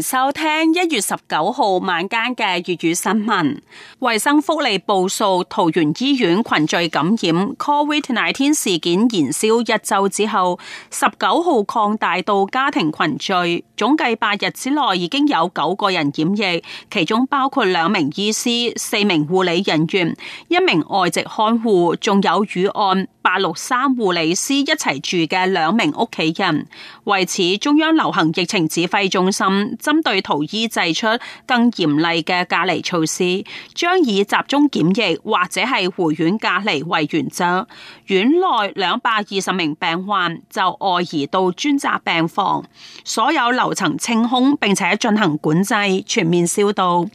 收聽一月十九號晚間嘅粵語新聞。衛生福利部屬桃園醫院群聚感染，COVID-19 事件燃燒一周之後，十九號擴大到家庭群聚，總計八日之內已經有九個人染疫，其中包括兩名醫師、四名護理人員、一名外籍看護，仲有與案八六三護理師一齊住嘅兩名屋企人。為此，中央流行疫情指揮中心，針對部桃祭出更嚴厲嘅隔離措施，將以集中檢疫或者係回院隔離為原則。院內兩百二十名病患就外移到專責病房，所有樓層清空，並且進行管制、全面消毒。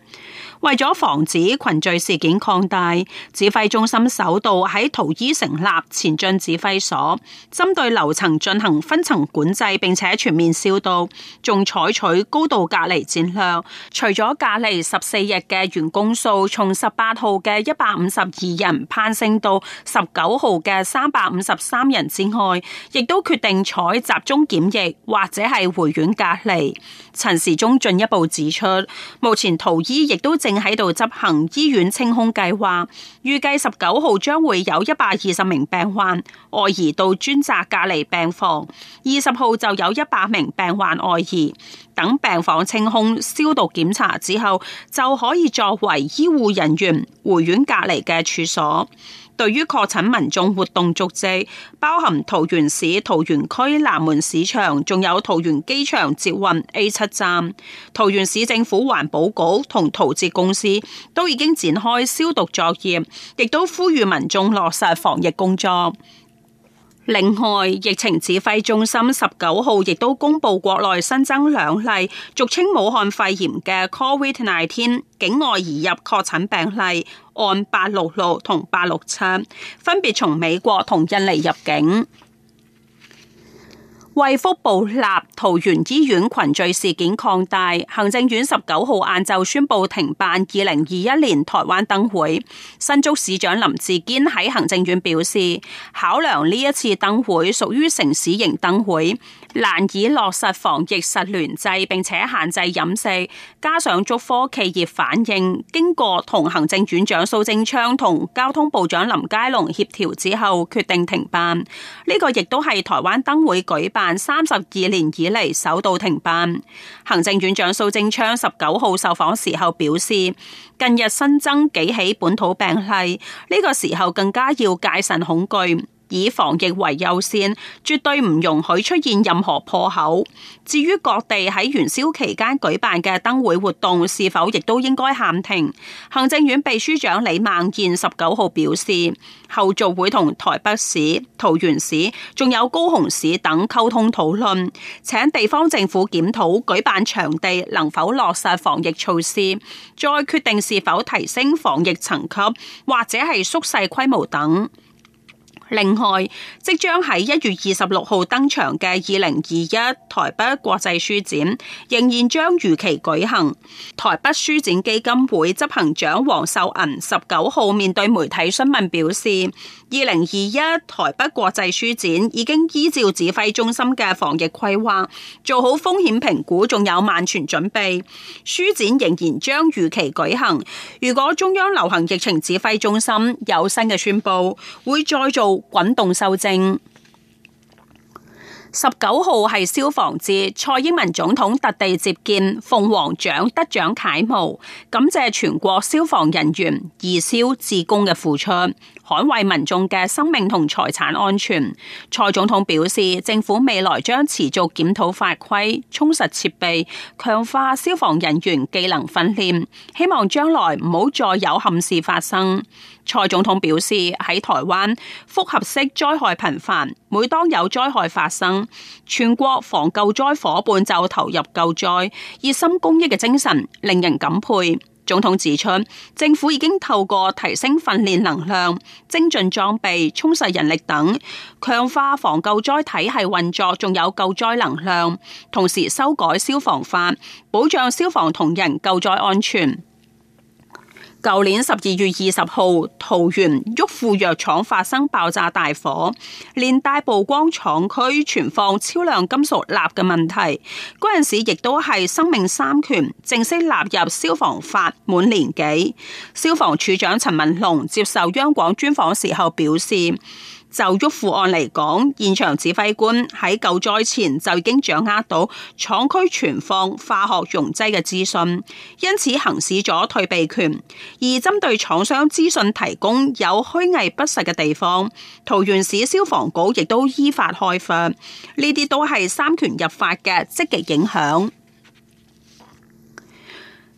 為咗防止群聚事件擴大，指揮中心首度喺桃醫成立前進指揮所，針對樓層進行分層管制，並且全面消毒，仲採取高度隔離戰略。除咗隔離十四日嘅員工數從十八號嘅一百五十二人攀升到十九號嘅三百五十三人之外，亦都決定採集中檢疫或者係回院隔離。陳時中進一步指出，目前桃醫亦都正正喺度執行醫院清空計劃，預計十九號將會有一百二十名病患外移到專責隔離病房，二十號就有一百名病患外移。等病房清空、消毒檢查之後，就可以作為醫護人員回院隔離嘅處所。對於確診民眾活動足跡，包含桃園市、桃園區南門市場，仲有桃園機場捷運 A 七站、桃園市政府環保局同桃捷公司，都已經展開消毒作業，亦都呼籲民眾落實防疫工作。另外，疫情指揮中心十九號亦都公布國內新增兩例，俗稱武漢肺炎嘅 COVID-19 境外移入確診病例，案八六六同八六七，分別從美國同印尼入境。衛福部立桃園醫院群聚事件擴大，行政院十九號晏晝宣布停辦二零二一年台灣燈會。新竹市長林智堅喺行政院表示，考量呢一次燈會屬於城市型燈會，難以落實防疫實聯制，並且限制飲食，加上竹科企業反應，經過同行政院長蘇貞昌同交通部長林佳龍協調之後，決定停辦。呢、這個亦都係台灣燈會舉辦。三十二年以嚟首度停辦。行政院長蘇貞昌十九號受訪時候表示，近日新增幾起本土病例，呢個時候更加要戒慎恐懼。以防疫為優先，絕對唔容許出現任何破口。至於各地喺元宵期間舉辦嘅燈會活動，是否亦都應該喊停？行政院秘書長李孟健十九號表示，後續會同台北市、桃園市，仲有高雄市等溝通討論，請地方政府檢討舉辦場地能否落實防疫措施，再決定是否提升防疫層級或者係縮細規模等。另外，即將喺一月二十六號登場嘅二零二一台北國際書展仍然將如期舉行。台北書展基金會執行長黃秀銀十九號面對媒體詢問表示，二零二一台北國際書展已經依照指揮中心嘅防疫規劃做好風險評估，仲有萬全準備，書展仍然將如期舉行。如果中央流行疫情指揮中心有新嘅宣布，會再做。滾動修正。十九號係消防節，蔡英文總統特地接見鳳凰獎得獎楷模，感謝全國消防人員義消志工嘅付出。捍衛民眾嘅生命同財產安全，蔡總統表示，政府未來將持續檢討法規，充實設備，強化消防人員技能訓練，希望將來唔好再有憾事發生。蔡總統表示，喺台灣複合式災害頻繁，每當有災害發生，全國防救災夥伴就投入救災，熱心公益嘅精神令人感佩。總統指出，政府已經透過提升訓練能量、精進裝備、充實人力等，強化防救災體系運作，仲有救災能量。同時修改消防法，保障消防同人救災安全。舊年十二月二十號，桃園旭富藥廠發生爆炸大火，連帶曝光廠區存放超量金屬鈉嘅問題。嗰陣時亦都係生命三權正式納入消防法滿年幾。消防署長陳文龍接受央廣專訪時候表示。就旭富案嚟講，現場指揮官喺救災前就已經掌握到廠區存放化學溶劑嘅資訊，因此行使咗退避權。而針對廠商資訊提供有虛偽不實嘅地方，桃園市消防局亦都依法開罰。呢啲都係三權入法嘅積極影響。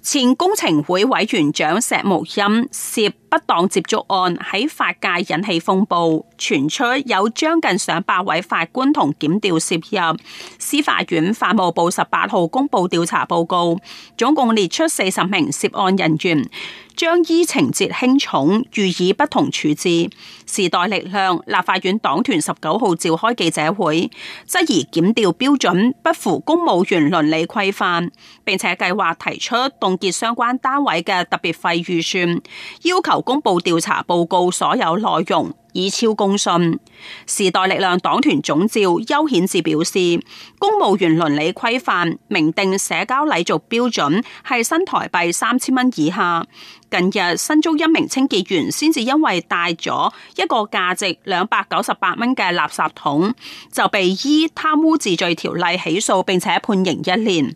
前工程會委員長石木欽涉。不當接觸案喺法界引起風暴，傳出有將近上百位法官同檢調涉入。司法院法務部十八號公布調查報告，總共列出四十名涉案人員，將依情節輕重予以不同處置。時代力量立法院黨團十九號召開記者會，質疑檢調標準不符公務員倫理規範，並且計劃提出凍結相關單位嘅特別費預算，要求。公布調查報告所有內容，以超公信。時代力量黨團總召邱顯智表示，公務員倫理規範明定社交禮俗標準係新台幣三千蚊以下。近日新竹一名清潔員先至因為帶咗一個價值兩百九十八蚊嘅垃圾桶，就被依貪污治罪條例起訴，並且判刑一年。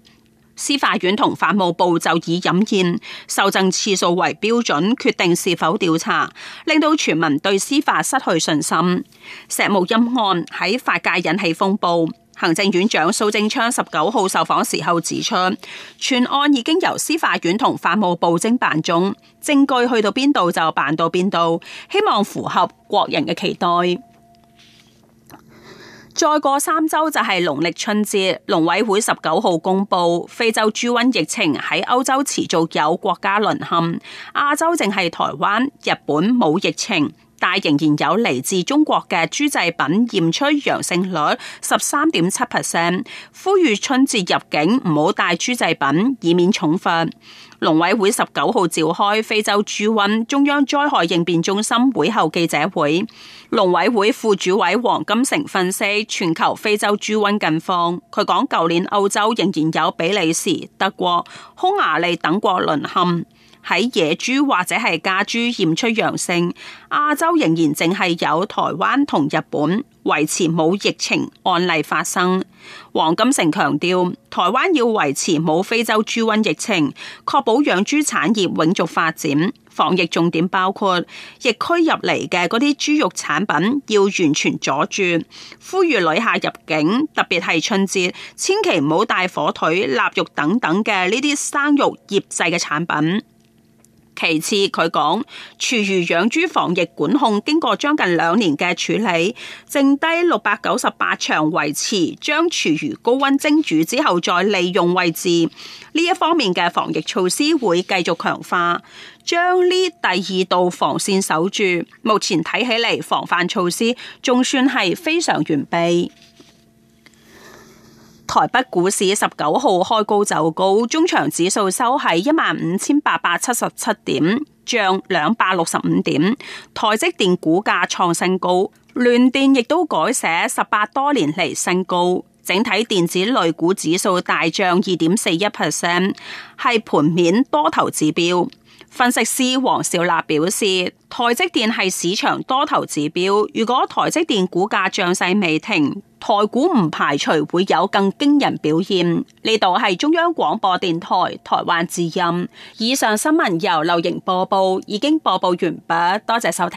司法院同法務部就以飲宴受贈次數為標準，決定是否調查，令到全民對司法失去信心。石木欽案喺法界引起風暴。行政院長蘇貞昌十九號受訪時候指出，全案已經由司法院同法務部偵辦中，證據去到邊度就辦到邊度，希望符合國人嘅期待。再過三周就係農曆春節，農委會十九號公布，非洲豬瘟疫情喺歐洲持續有國家淪陷，亞洲淨係台灣、日本冇疫情。但仍然有嚟自中國嘅豬製品驗出陽性率十三點七 percent，呼籲春節入境唔好帶豬製品，以免重罰。農委會十九號召開非洲豬瘟中央災害應變中心會後記者會，農委會副主委黃金城分析全球非洲豬瘟近況，佢講舊年歐洲仍然有比利時、德國、匈牙利等國淪陷。喺野豬或者係家豬驗出陽性，亞洲仍然淨係有台灣同日本維持冇疫情案例發生。黃金城強調，台灣要維持冇非洲豬瘟疫情，確保養豬產業永續發展。防疫重點包括疫區入嚟嘅嗰啲豬肉產品要完全阻住，呼籲旅客入境特別係春節，千祈唔好帶火腿、臘肉等等嘅呢啲生肉醃製嘅產品。其次，佢講廚餘養豬防疫管控經過將近兩年嘅處理，剩低六百九十八場維持將廚餘高溫蒸煮之後再利用位置，呢一方面嘅防疫措施會繼續強化，將呢第二道防線守住。目前睇起嚟，防範措施仲算係非常完備。台北股市十九號開高走高，中場指數收係一萬五千八百七十七點，漲兩百六十五點。台積電股價創新高，聯電亦都改寫十八多年嚟新高。整體電子類股指數大漲二點四一%，係盤面多頭指標。分析師黃少立表示，台積電係市場多頭指標，如果台積電股價漲勢未停。台股唔排除會有更驚人表現，呢度係中央廣播電台台灣之音。以上新聞由劉瑩播報，已經播報完畢，多謝收聽。